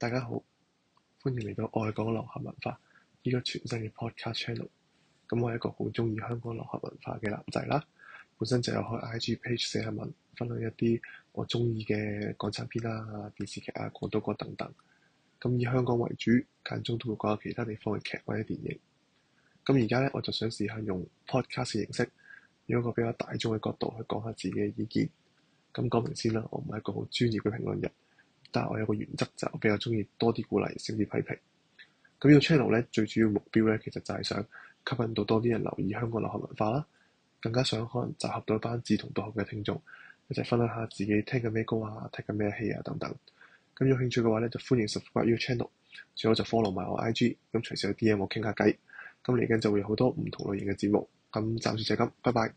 大家好，歡迎嚟到《愛講六合文化》呢家全新嘅 Podcast Channel。咁、嗯、我係一個好中意香港六合文化嘅男仔啦。本身就有開 I G page 寫下文，分享一啲我中意嘅港產片啦、啊、電視劇啊、港島歌等等。咁、嗯、以香港為主，間中都會講下其他地方嘅劇或者電影。咁而家呢，我就想試下用 Podcast 形式，用一個比較大眾嘅角度去講下自己嘅意見。咁、嗯、講明先啦，我唔係一個好專業嘅評論人。但我有個原則，就比較中意多啲鼓勵，少啲批評。咁呢個 channel 咧，最主要目標咧，其實就係想吸引到多啲人留意香港流行文化啦，更加想可能集合到一班志同道合嘅聽眾，一齊分享下自己聽緊咩歌啊、睇緊咩戲啊等等。咁有興趣嘅話咧，就歡迎 subscribe 呢個 channel，最好就 follow 埋我 IG，咁隨時有 DM 我傾下偈。咁嚟緊就會有好多唔同類型嘅節目。咁暫時就咁，拜拜。